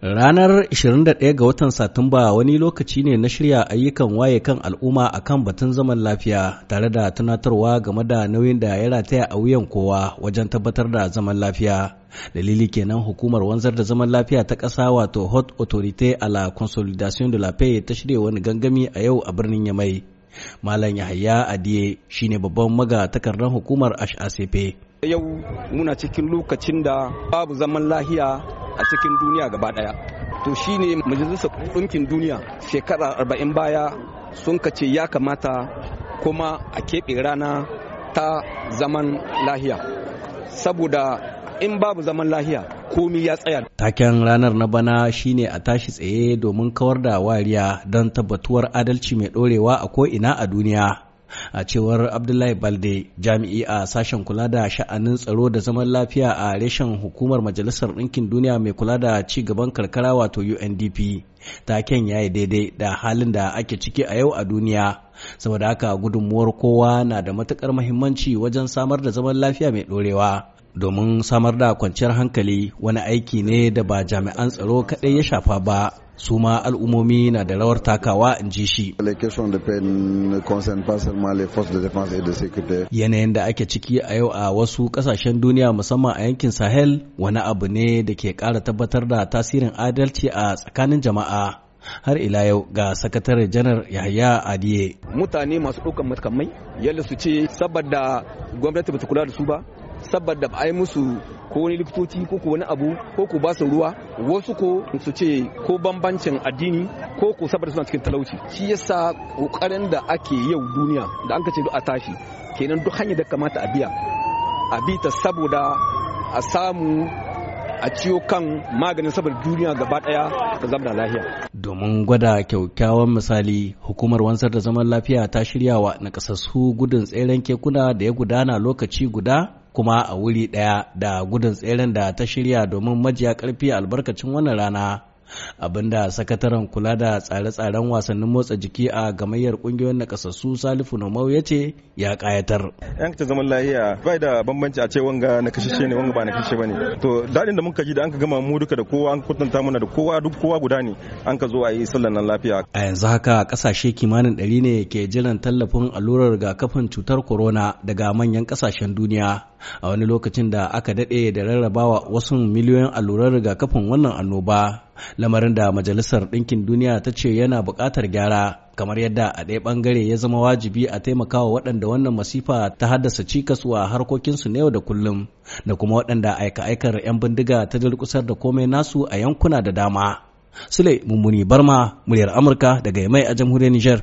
Ranar 21 ga watan Satumba wani lokaci ne na shirya ayyukan waye kan al'umma kan batun zaman lafiya tare da tunatarwa game da nauyin da ya rataya a wuyan kowa wajen tabbatar da zaman lafiya. Dalili kenan hukumar wanzar da zaman lafiya ta ƙasa wato Hot Autorité à la Consolidation de la Paix ta shirya wani gangami a yau a birnin Yamai. Malam Yahaya Adiye shine babban maga takardar hukumar HACP. Yau muna cikin lokacin da babu zaman lahiya a cikin duniya gaba daya to shine majalisar ɗinkin duniya shekara arba'in baya sun kace ya kamata kuma a keɓe rana ta zaman lahiya saboda in babu zaman lahiya komi ya tsaya. Taken ranar na bana shine a tashi tsaye domin kawar da wariya don tabbatuwar adalci mai ɗorewa a ko'ina a duniya. a cewar abdullahi balde jami'i a sashen kula da sha'anin tsaro da zaman lafiya a reshen hukumar majalisar ɗinkin duniya mai kula da ci gaban karkara wato undp taken ya yi daidai da halin da ake ciki a yau a duniya saboda haka gudunmuwar kowa na da matukar muhimmanci wajen samar da zaman lafiya mai ɗorewa domin samar da kwanciyar hankali wani aiki ne da ba jami'an tsaro kaɗai ya shafa ba su ma al'ummomi na da rawar takawa in ji shi. Yanayin da ake ciki a yau a wasu kasashen duniya musamman a yankin Sahel wani abu ne da ke ƙara tabbatar da tasirin adalci a tsakanin jama'a. har ila yau ga sakatare janar yahaya adiye mutane masu ɗaukan matakamai yalla su ce saboda gwamnati bata kula da su ba saboda ba a yi musu ko wani likitoci ko ko wani abu ko ko ba su ruwa wasu ko su ce ko bambancin addini ko ko saboda suna cikin talauci shi yasa kokarin da ake yau duniya da an ka duk a tashi kenan duk hanyar da kamata a biya a bi ta saboda a samu a ciyo kan maganin saboda duniya gaba daya ta zama lafiya. Domin gwada kyaukyawan misali, hukumar wansar da zaman lafiya ta shirya wa nakasassu gudun tseren kekuna da ya gudana lokaci guda kuma a wuri ɗaya da gudun tseren da ta shirya domin majiya ƙarfi albarkacin wannan rana abinda sakataren kula da tsare-tsaren wasannin motsa jiki a gamayyar kungiyoyin nakasassu salifu nomau ya ce ya kayatar yan ta zaman lahiya bai da bambanci a ce wanga na kashe ne wanga ba na kashe bane to dadin da muka ji da an gama mu duka da kowa an kwatanta mana da kowa duk kowa guda ne an ka zo a yi sallar nan lafiya a yanzu haka kasashe kimanin ɗari ne ke jiran tallafin allurar rigakafin cutar corona daga manyan kasashen duniya a wani lokacin da aka daɗe da rarrabawa wasu miliyoyin alluran rigakafin wannan annoba lamarin da majalisar ɗinkin duniya ta ce yana buƙatar gyara kamar yadda a ɗaya ɓangare ya zama wajibi a taimakawa waɗanda wannan masifa ta haddasa cikas wa harkokinsu na yau da kullum da kuma waɗanda aika-aikar 'yan bindiga ta durƙusar da komai nasu a yankuna da dama. Sule Mummuni Barma, muryar Amurka daga mai a jamhuriyar Nijar.